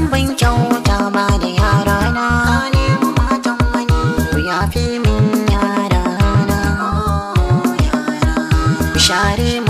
san ban kyauta ba da yara na wani ku ya fi min yara na share mu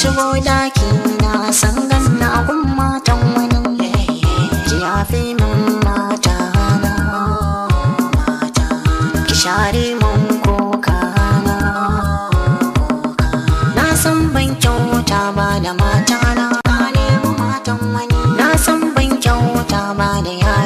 shigo daki na san ganna abun matan wani Ya fi mun mata na ki share mun koka na na san ban kyauta ba da mata na na san ban kyauta ba da yara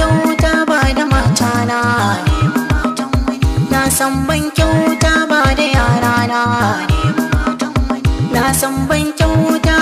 kyauta ba da mata na san ban kyauta ba da na na san ban kyauta